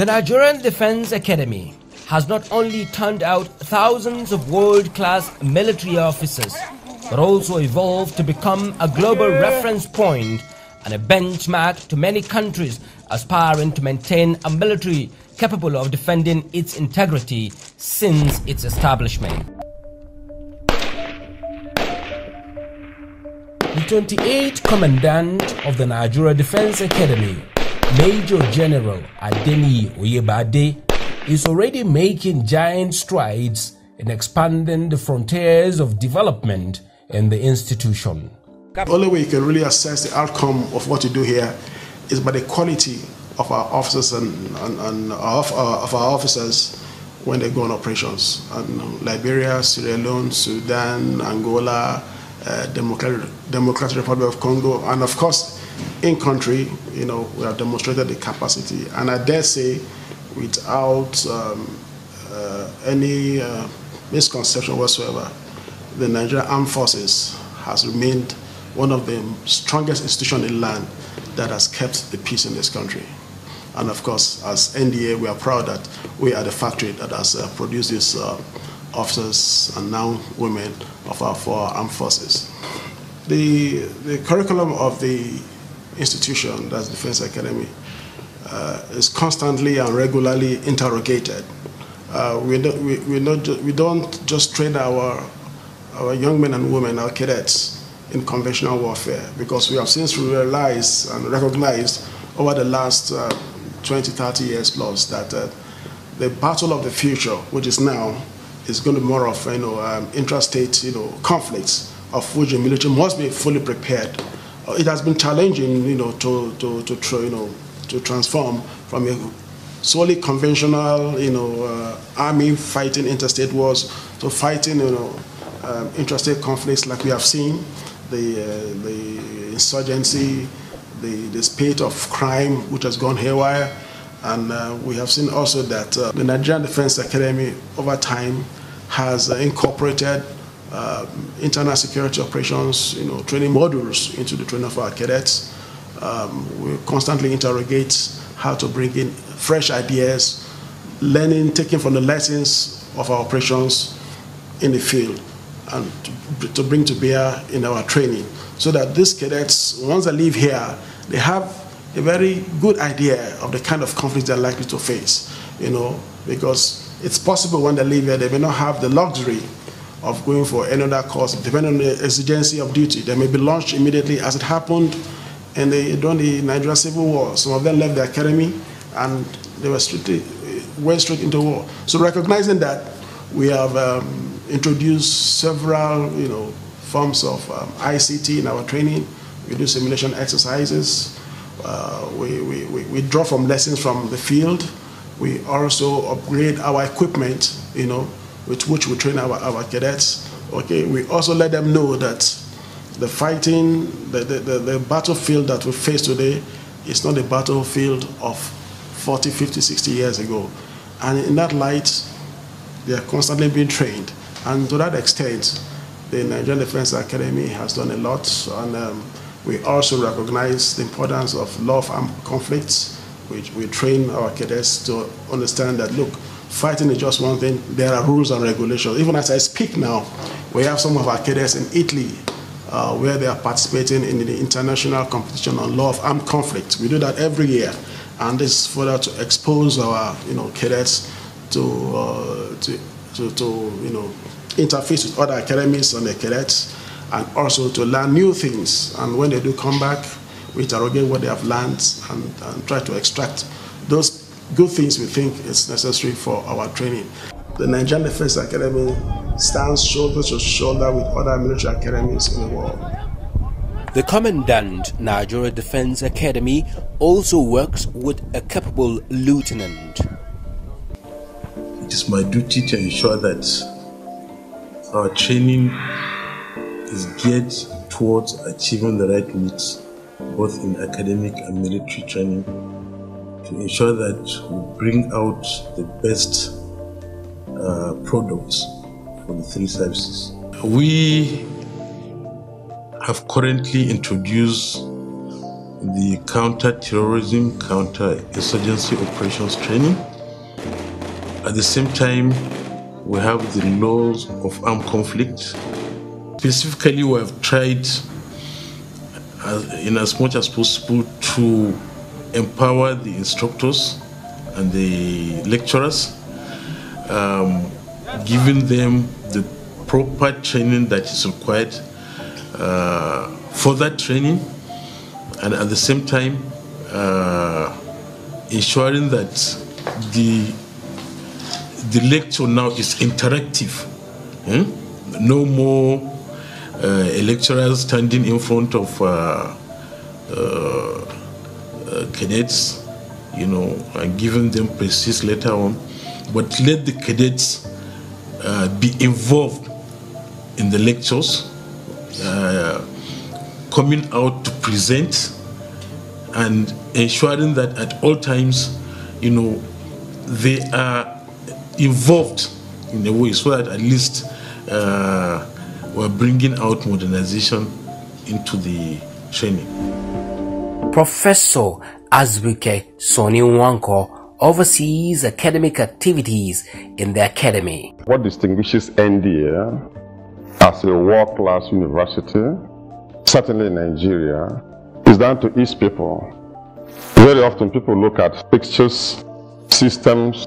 The Nigerian Defense Academy has not only turned out thousands of world-class military officers, but also evolved to become a global reference point and a benchmark to many countries aspiring to maintain a military capable of defending its integrity since its establishment. The 28th Commandant of the Nigeria Defense Academy Major General Adeni Oyebade is already making giant strides in expanding the frontiers of development in the institution. The only way you can really assess the outcome of what you do here is by the quality of our officers and, and, and of, uh, of, our officers when they go on operations. And Liberia, Sierra Leone, Sudan, Angola, uh, Democratic, Democratic Republic of Congo, and of course, in country, you know, we have demonstrated the capacity. And I dare say, without um, uh, any uh, misconception whatsoever, the Nigerian Armed Forces has remained one of the strongest institutions in land that has kept the peace in this country. And of course, as NDA, we are proud that we are the factory that has uh, produced these uh, officers and now women of our four armed forces. The, the curriculum of the institution, that's Defense Academy, uh, is constantly and regularly interrogated. Uh, we, don't, we, we, not we don't just train our, our young men and women, our cadets, in conventional warfare because we have since realized and recognized over the last uh, 20, 30 years plus that uh, the battle of the future, which is now, is going to be more of you know, um, intrastate you know, conflicts of which the military must be fully prepared it has been challenging, you know, to, to, to, you know, to transform from a solely conventional, you know, uh, army fighting interstate wars to fighting, you know, um, interstate conflicts like we have seen, the, uh, the insurgency, the, the spate of crime which has gone haywire, and uh, we have seen also that uh, the Nigerian Defense Academy over time has incorporated um, internal security operations, you know, training modules into the training of our cadets. Um, we constantly interrogate how to bring in fresh ideas, learning, taking from the lessons of our operations in the field and to, to bring to bear in our training so that these cadets, once they leave here, they have a very good idea of the kind of conflicts they're likely to face, you know, because it's possible when they leave here, they may not have the luxury of going for another course, depending on the exigency of duty. They may be launched immediately, as it happened in the during the Nigeria Civil War. Some of them left the academy and they were strictly, went straight into war. So recognizing that, we have um, introduced several you know, forms of um, ICT in our training. We do simulation exercises. Uh, we, we, we, we draw from lessons from the field. We also upgrade our equipment, you know, with which we train our, our cadets. Okay, we also let them know that the fighting, the, the, the, the battlefield that we face today is not the battlefield of 40, 50, 60 years ago. And in that light, they are constantly being trained. And to that extent, the Nigerian Defense Academy has done a lot. And um, we also recognize the importance of law of armed conflicts. We, we train our cadets to understand that, look, Fighting is just one thing. There are rules and regulations. Even as I speak now, we have some of our cadets in Italy uh, where they are participating in the international competition on law of armed conflict. We do that every year, and this is further to expose our you know cadets to uh, to, to, to you know interface with other academies and their cadets, and also to learn new things. And when they do come back, we interrogate what they have learned and, and try to extract those good things we think is necessary for our training. The Nigerian Defense Academy stands shoulder to shoulder with other military academies in the world. The Commandant Nigeria Defense Academy also works with a capable lieutenant. It is my duty to ensure that our training is geared towards achieving the right needs, both in academic and military training to ensure that we bring out the best uh, products for the three services. We have currently introduced the counter-terrorism, counter-insurgency operations training. At the same time, we have the laws of armed conflict. Specifically, we have tried, as, uh, in as much as possible, to empower the instructors and the lecturers, um, giving them the proper training that is required uh, for that training, and at the same time, uh, ensuring that the the lecture now is interactive. Hmm? No more uh, a lecturer standing in front of uh, uh cadets, you know, and giving them precise later on, but let the cadets uh, be involved in the lectures, uh, coming out to present, and ensuring that at all times, you know, they are involved in a way so that at least uh, we're bringing out modernization into the training. Professor Azubuike Wanko oversees academic activities in the academy. What distinguishes NDA as a world-class university, certainly in Nigeria, is down to its people. Very often people look at pictures, systems,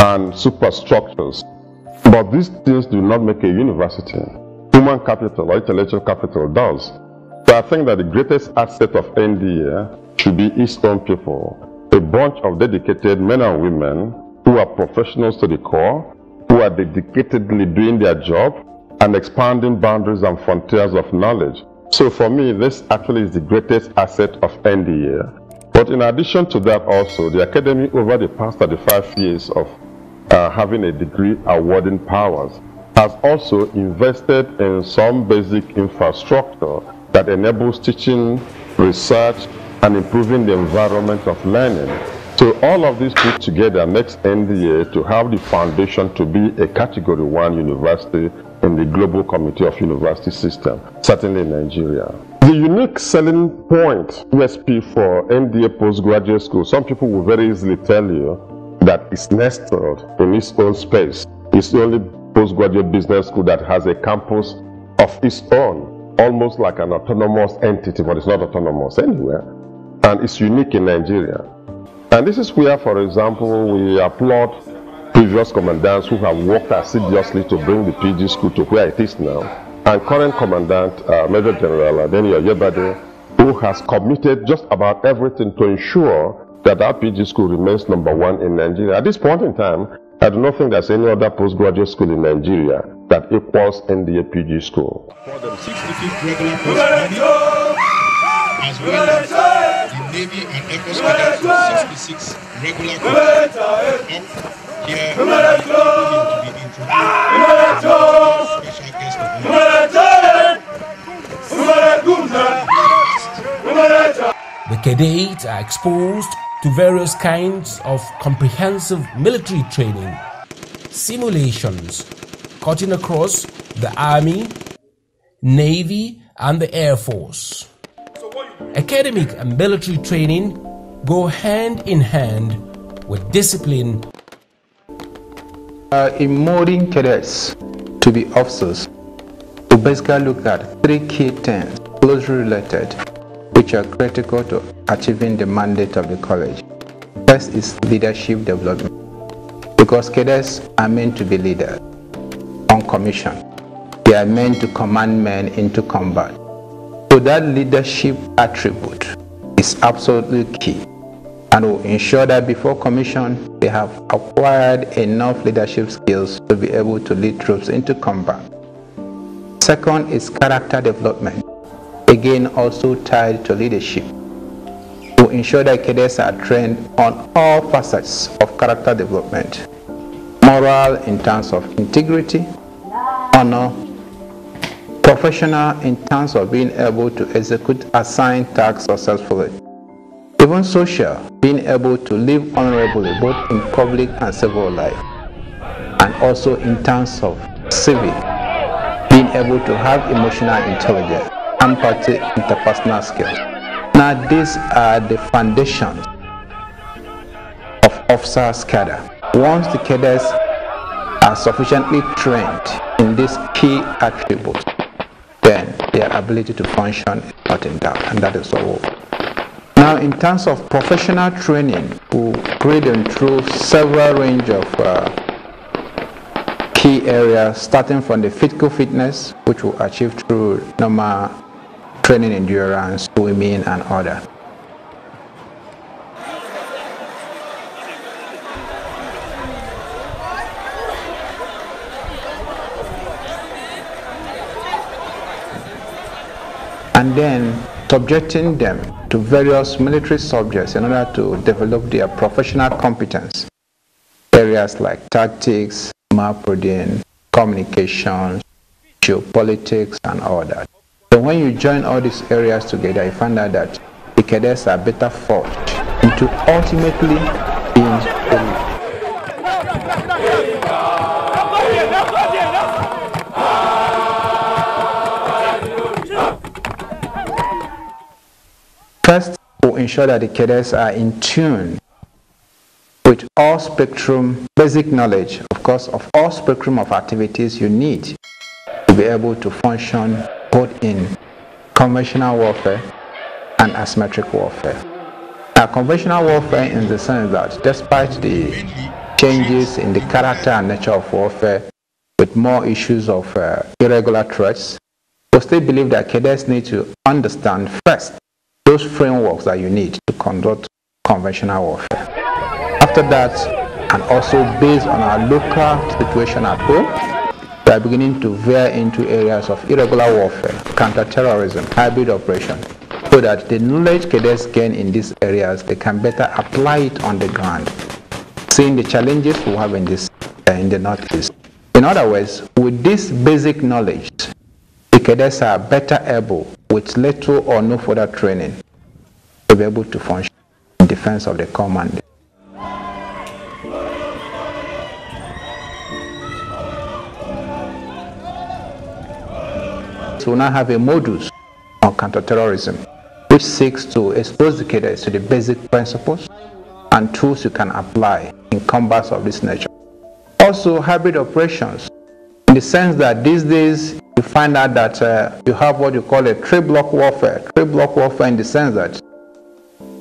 and superstructures. But these things do not make a university. Human capital or intellectual capital does. So I think that the greatest asset of NDA should be its own people, a bunch of dedicated men and women who are professionals to the core, who are dedicatedly doing their job and expanding boundaries and frontiers of knowledge. So for me, this actually is the greatest asset of NDA. But in addition to that also, the Academy over the past 35 years of uh, having a degree awarding powers has also invested in some basic infrastructure that enables teaching, research, and improving the environment of learning. So all of these put together makes NDA to have the foundation to be a Category 1 university in the Global Committee of University System, certainly in Nigeria. The unique selling point, USP for NDA postgraduate school, some people will very easily tell you that it's nestled in its own space. It's the only postgraduate business school that has a campus of its own almost like an autonomous entity, but it's not autonomous anywhere, and it's unique in Nigeria. And this is where, for example, we applaud previous commandants who have worked assiduously to bring the PG school to where it is now, and current commandant, uh, Major General Adeni Yebade, who has committed just about everything to ensure that our PG school remains number one in Nigeria. At this point in time, I do not think there's any other postgraduate school in Nigeria that equals NDAPG school. For the 65th regular postgraduate, as well as the Navy and Air Force cadets 66 regular cadets, up here to be introduced. Special The cadets are exposed to various kinds of comprehensive military training, simulations cutting across the Army, Navy, and the Air Force. Academic and military training go hand in hand with discipline. Uh, in molding cadets to be officers, we basically look at three key things closely related, which are critical to achieving the mandate of the college. First is leadership development because cadets are meant to be leaders on commission. They are meant to command men into combat. So that leadership attribute is absolutely key and will ensure that before commission, they have acquired enough leadership skills to be able to lead troops into combat. Second is character development, again also tied to leadership to ensure that cadets are trained on all facets of character development, moral in terms of integrity, honor, professional in terms of being able to execute assigned tasks successfully, even social, being able to live honorably both in public and civil life, and also in terms of civic, being able to have emotional intelligence, empathy, interpersonal skills. Now these are the foundations of officer cadet. Once the cadets are sufficiently trained in these key attributes, then their ability to function is not in doubt, and that is all. Now, in terms of professional training, we grade them through several range of uh, key areas, starting from the physical fitness, which we achieve through normal training endurance, swimming, and other. And then subjecting them to various military subjects in order to develop their professional competence. Areas like tactics, map reading, communication, geopolitics, and all that. So when you join all these areas together, you find out that the cadets are better forged into ultimately being elite. First, we'll ensure that the cadets are in tune with all spectrum basic knowledge, of course, of all spectrum of activities you need to be able to function both in conventional warfare and asymmetric warfare. Now, conventional warfare in the sense that despite the changes in the character and nature of warfare, with more issues of uh, irregular threats, we still believe that cadets need to understand first those frameworks that you need to conduct conventional warfare. After that, and also based on our local situation at home, they are beginning to veer into areas of irregular warfare, counter-terrorism, hybrid operation, so that the knowledge cadets gain in these areas, they can better apply it on the ground, seeing the challenges we have in this uh, in the Northeast. In other words, with this basic knowledge, the cadets are better able, with little or no further training, to be able to function in defense of the command So now have a modus on counterterrorism, which seeks to expose the cadres to the basic principles and tools you can apply in combats of this nature. Also, hybrid operations, in the sense that these days you find out that uh, you have what you call a 3 block warfare. 3 block warfare in the sense that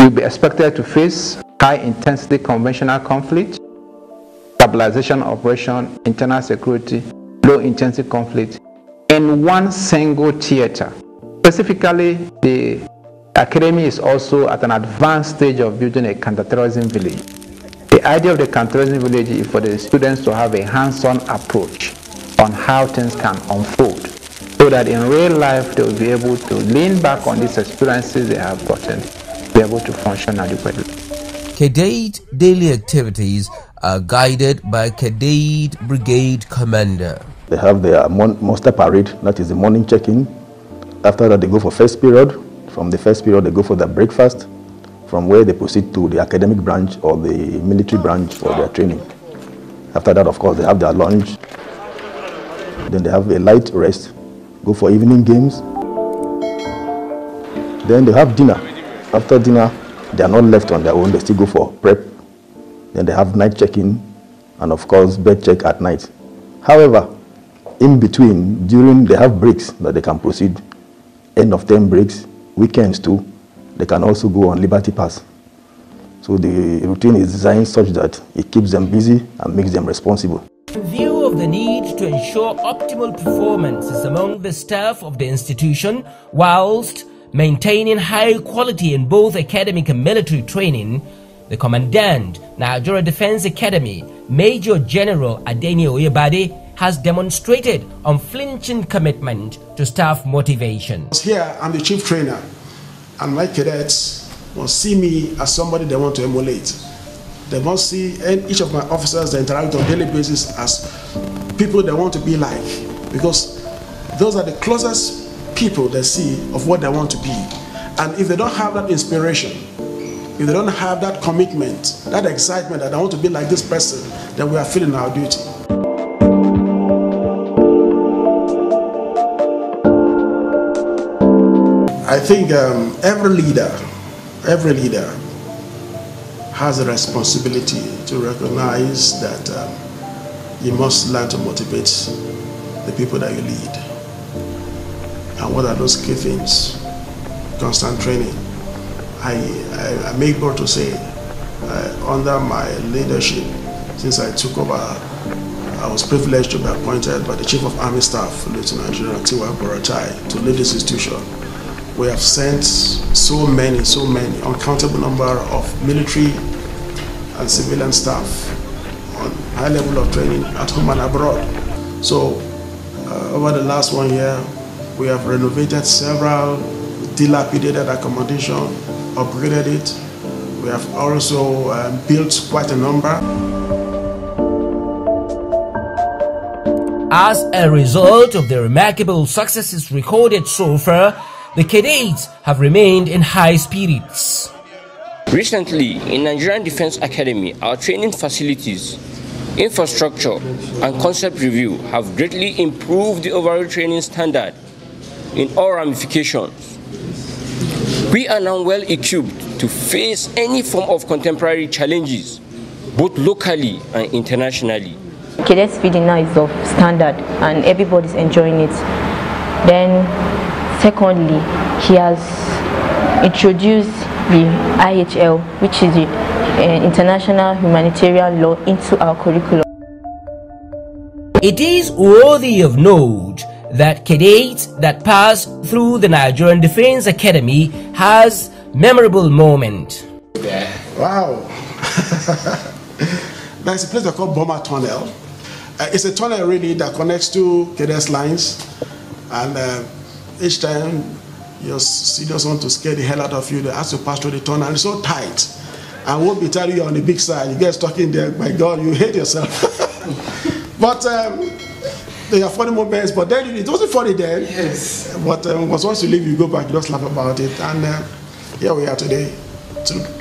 you'll be expected to face high intensity conventional conflict, stabilization operation, internal security, low intensity conflict, in one single theater. Specifically, the Academy is also at an advanced stage of building a counterterrorism village. The idea of the counterterrorism village is for the students to have a hands-on approach on how things can unfold so that in real life they will be able to lean back on these experiences they have gotten, be able to function adequately. Kedate daily activities are uh, guided by Kadeid Brigade Commander. They have their monster parade, that is the morning check-in. After that, they go for first period. From the first period, they go for their breakfast, from where they proceed to the academic branch or the military branch for their training. After that, of course, they have their lunch. Then they have a light rest, go for evening games. Then they have dinner. After dinner, they are not left on their own. They still go for prep then they have night check-in and of course bed check at night. However, in between, during they have breaks that they can proceed, end of term breaks, weekends too, they can also go on Liberty Pass. So the routine is designed such that it keeps them busy and makes them responsible. In view of the need to ensure optimal performances among the staff of the institution, whilst maintaining high quality in both academic and military training, the commandant, Nigeria Defense Academy, Major General Adeni Oyebade, has demonstrated unflinching commitment to staff motivation. Here, I'm the chief trainer, and my cadets will see me as somebody they want to emulate. They want to see and each of my officers they interact on daily basis as people they want to be like, because those are the closest people they see of what they want to be. And if they don't have that inspiration, if they don't have that commitment, that excitement that I want to be like this person, then we are feeling our duty. I think um, every leader, every leader has a responsibility to recognize that um, you must learn to motivate the people that you lead. And what are those key things? Constant training, I, I, I make bold to say, uh, under my leadership, since I took over, I was privileged to be appointed by the Chief of Army Staff, Lieutenant General Tiwa Boratai, to lead this institution. We have sent so many, so many, uncountable number of military and civilian staff on high level of training at home and abroad. So uh, over the last one year, we have renovated several dilapidated accommodation upgraded it. We have also um, built quite a number. As a result of the remarkable successes recorded so far, the cadets have remained in high spirits. Recently, in Nigerian Defense Academy, our training facilities, infrastructure, and concept review have greatly improved the overall training standard in all ramifications. We are now well equipped to face any form of contemporary challenges, both locally and internationally. Cadets feeding now is of standard and everybody's enjoying it. Then, secondly, he has introduced the IHL, which is the uh, International Humanitarian Law, into our curriculum. It is worthy of note that cadets that pass through the Nigerian Defense Academy has memorable moment. Yeah. Wow. There's a place they call Bomber Tunnel. Uh, it's a tunnel really that connects two cadets lines and uh, each time your seniors want to scare the hell out of you, they you to pass through the tunnel. It's so tight. And won't be telling you on the big side. You guys talking there, my God, you hate yourself. but um, they are funny moments, but then it wasn't funny then. Yes. But um, once you leave, you go back, you just laugh about it. And uh, here we are today. To